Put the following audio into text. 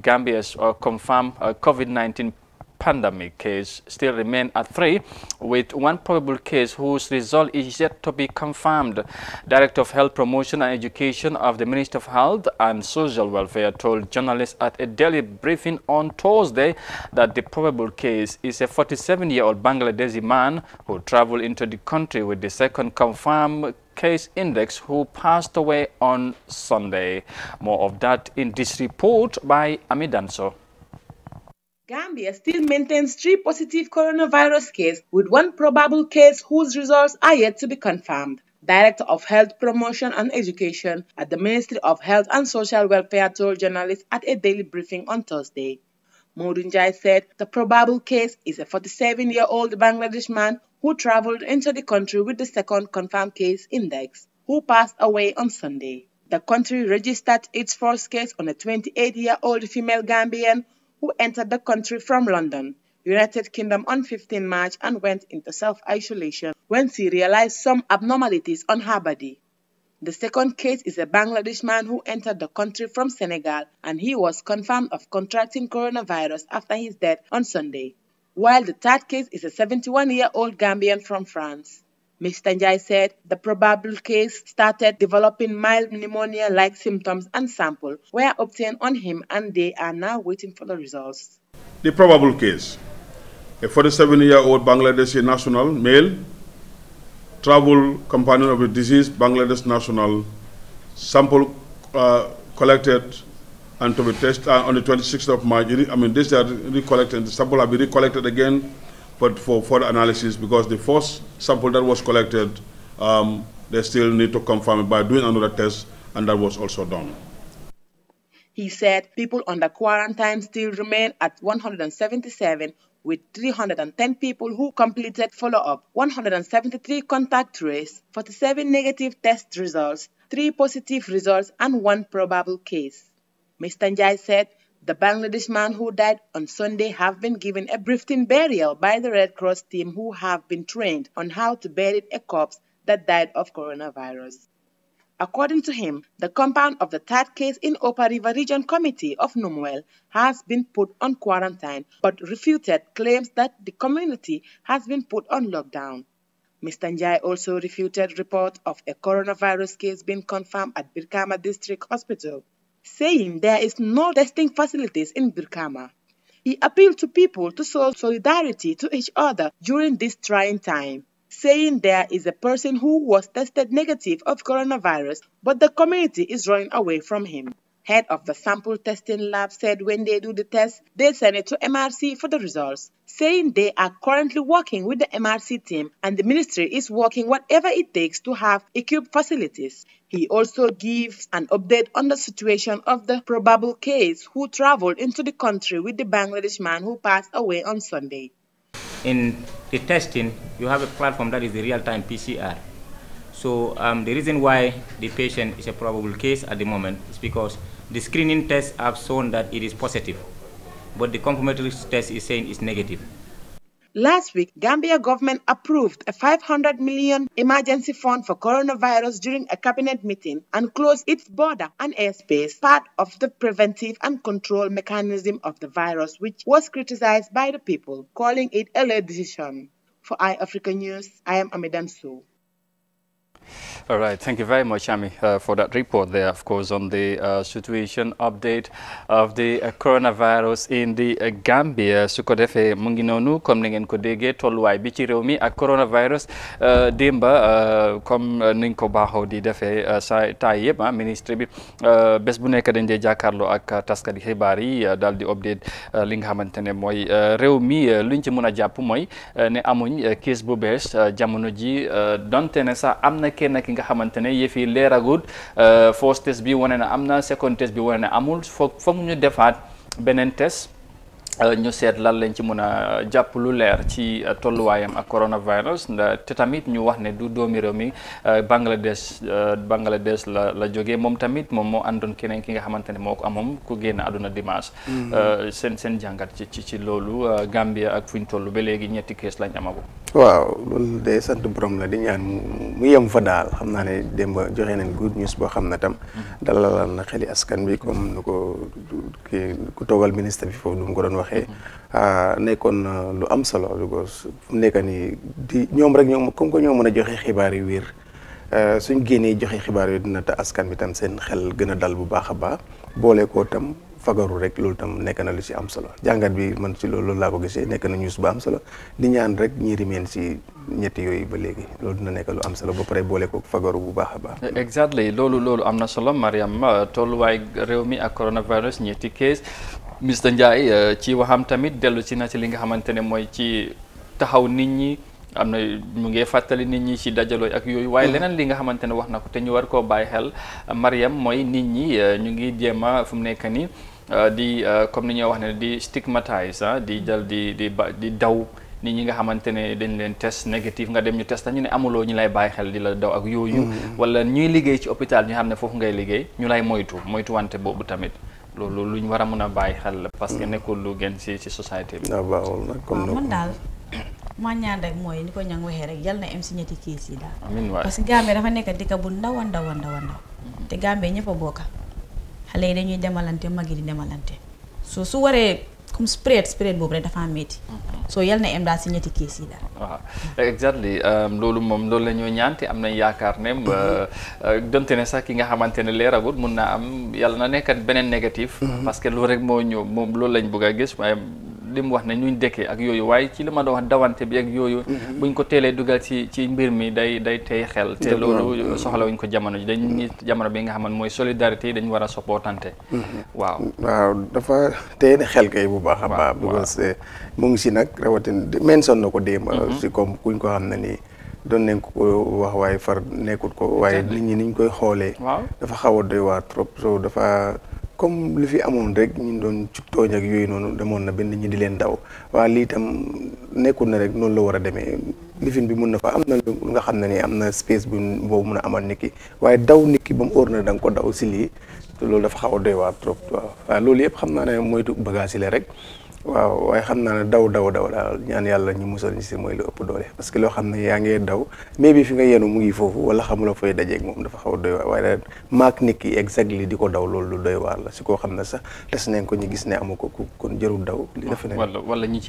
Gambia's uh, confirmed uh, COVID-19 pandemic case still remain at three, with one probable case whose result is yet to be confirmed. Director of Health Promotion and Education of the Ministry of Health and Social Welfare told journalists at a daily briefing on Thursday that the probable case is a 47-year-old Bangladeshi man who traveled into the country with the second confirmed case index who passed away on Sunday. More of that in this report by Amidanso. Gambia still maintains three positive coronavirus cases with one probable case whose results are yet to be confirmed. Director of Health Promotion and Education at the Ministry of Health and Social Welfare told journalists at a daily briefing on Thursday. Modunjai said the probable case is a 47 year old Bangladesh man who traveled into the country with the second confirmed case index, who passed away on Sunday. The country registered its first case on a 28-year-old female Gambian who entered the country from London, United Kingdom on 15 March and went into self-isolation when she realized some abnormalities on her body. The second case is a Bangladesh man who entered the country from Senegal and he was confirmed of contracting coronavirus after his death on Sunday while the third case is a 71 year old Gambian from France. Mr. Njai said the probable case started developing mild pneumonia like symptoms and samples were obtained on him and they are now waiting for the results. The probable case a 47 year old Bangladeshi national male, travel companion of the disease, Bangladesh national, sample uh, collected and to be tested uh, on the 26th of March. I mean, this are recollected. The sample will be recollected again, but for further analysis because the first sample that was collected, um, they still need to confirm it by doing another test, and that was also done. He said people under quarantine still remain at 177 with 310 people who completed follow-up, 173 contact trace, 47 negative test results, 3 positive results and 1 probable case. Mr. Njai said the Bangladesh man who died on Sunday have been given a briefing burial by the Red Cross team who have been trained on how to bury a corpse that died of coronavirus. According to him, the compound of the third case in Upper River Region Committee of Numuel has been put on quarantine but refuted claims that the community has been put on lockdown. Mr. Njai also refuted reports of a coronavirus case being confirmed at Birkama District Hospital saying there is no testing facilities in Birkama. He appealed to people to show solidarity to each other during this trying time, saying there is a person who was tested negative of coronavirus, but the community is running away from him head of the sample testing lab, said when they do the test, they send it to MRC for the results, saying they are currently working with the MRC team and the ministry is working whatever it takes to have equipped facilities. He also gives an update on the situation of the probable case who traveled into the country with the Bangladesh man who passed away on Sunday. In the testing, you have a platform that is the real-time PCR. So um, the reason why the patient is a probable case at the moment is because the screening tests have shown that it is positive, but the confirmatory test is saying it's negative. Last week, Gambia government approved a 500 million emergency fund for coronavirus during a cabinet meeting and closed its border and airspace, part of the preventive and control mechanism of the virus, which was criticized by the people, calling it a late decision. For iAfrica News, I am Amidan Sou. All right. Thank you very much, Ami, uh, for that report there, of course, on the uh, situation update of the uh, coronavirus in the uh, Gambia. su ko defee mu ngi noonu comme ni ngeen ko déggee tolluwaay bi ci réew mi ak coronavirus uh, démba comme uh, niñ ko baaxoo di defee saa taay yëpp ah ministre bi bés bu nekk dañ dee jàkkaarloo ak taskati xibaar yi daal di update li nga xamante ne mooy réew mi luñ ci mën a jàpp mooy ne amuñ case bu bees jamono ji donte ne sax am na kenn ki nga xamante ne yëf yi leeragul euh, first test bi wane na am na second test bi wane na amul foog foog ñu defaat beneen test. Eh, ñu seet lan lañ ci mën a jàpp lu leer ci eh, tolluwaayam ak coronavirus te tamit ñu wax ne du doomi eh, bangladesh bangladesh la la jógee moom tamit moom moo àndoon keneen ki nga xamante ne moo ko sen ku génn àdduna dimanche mm-hmm. ci ci gambia ak fuñ toll ba léegi ñetti kees lañ amagu waaw loolu day sant borom la di ñaan mu fa ne démb joxe nañ good news boo xam ne tam mm-hmm. dalalal na xeli askan bi comme nu ku ministre bi ko doon wax waxee ah, nekkoon lu am solo lu ko fu nekk nii di ñoom rek ñoom comme que ñoo mën a joxe xibaar yu wér eh, suñ génnee joxe xibaar yooyu dina ta askan bi tam seen xel dal bu baax a baax boole tam fagaru rek lo tam nekk na lu ci am solo jàngat bi man ci loolu laa ko gisee nekk news ba am solo di ñaan rek ñi rimeen ci ñetti yooyu ba léegi loolu dina nekk lu am solo ba pare ko fagaru bu baax a exactly lo lo am na solo Mariam tolluwaay réew mi ak coronavirus ñetti case ministre Ndiaye euh, ci waxam tamit dellu si na si li nga xamante ne mooy ci taxaw nit ñi am na mu ngi fàttali nit ñi ci dajaloo ak yooyu waaye mm-hmm. leneen li nga xamante ne wax na ko te ñu war koo bàyyi xel euh, Mariam mooy nit ñi euh, ñu ngi jéem a fu mu nekk nii di comme ni ñoo wax ne di stigmatise ah di jël di di ba di daw nit ñi nga xamante ne dañ leen test négatif nga dem ñu test ñu ne amuloo ñu lay bàyyi xel di la daw ak yooyu mm-hmm. wala ñuy liggéey ci hôpital ñu xam ne foofu ngay liggéey ñu lay moytu moytu wante boobu tamit loolu lu ñu war a mën a bàyyi xel la. parce que mm. nekkul lu gën ci ci société bi. Ah, waaw baaxul daal ma ñaan rek mooy ni ko ñang waxee rek yal na am si ñetti kiis yi daal. amiin waay parce que dafa nekk dëkk bu ndaw a ndaw a ndaw a ndaw te Gambie ñëpp a bokk xale yi dañuy demalante mag yi di demalante so su waree comme spread spread boobu rek dafa am so yal na em daal si ñetti kees yi daal. waaw exactly um, loolu moom loolu la ñoo ñaante am nañ yaakaar ne uh, donte ne sax ki nga xamante ne leeragul mun naa am yàlla na nekkat beneen négatif. Mm-hmm. parce que loolu rek moo ñëw moom loolu lañ bëgg a gis waaye li mu wax ne ñuñ dëkkee ak yooyu waaye ci li ma doon wax dawante bi ak yooyu mm-hmm. buñ ko teelee dugal ci ci mbir mi day day tey xel te loolu mm-hmm. soxla wuñ ko jamono ji jamono bi nga xamante mooy solidarité yi dañ war a supportante mm-hmm. waaw waaw dafa tey ne xel kay bu baax a baax because eh, mu ngi si nag rawatina mention na ko démb si comme kuñ ko xam na nii doon nañ ko wax waaye far nekkut ko waaye nit ñi niñ koy xoolee dafa xaw a doy waar trop so dafa comme lu fi amoon rek ñu doon ci tooñ yooyu noonu demoon na benn ñi di leen daw waa lii tam nekkul na rek noonu la war a demee lifin bi mun na fa am na lu nga xam ne ni am na space bu boobu mun a amal nit waaye daw nit ki ba mu óor na da nga ko daw si lii te loolu dafa xaw a doy waar trop waaw waaw loolu yëpp xam naa ne moytu bagage la rek waaw waaye xam naa ne daw daw daw daal ñaan yàlla ñu musal ñu si mooy lu ëpp doole parce que loo xam ne yaa ngee daw mais bi fi nga yenu mu ngi foofu wala xamuloo fooy dajeeg moom dafa xaw a doy waar waaye maak nit ki exactly di ko daw loolu lu doy waar la si koo xam ne sax des nañ ko ñu gis ne amu ko kon jërul daw. li dafa ne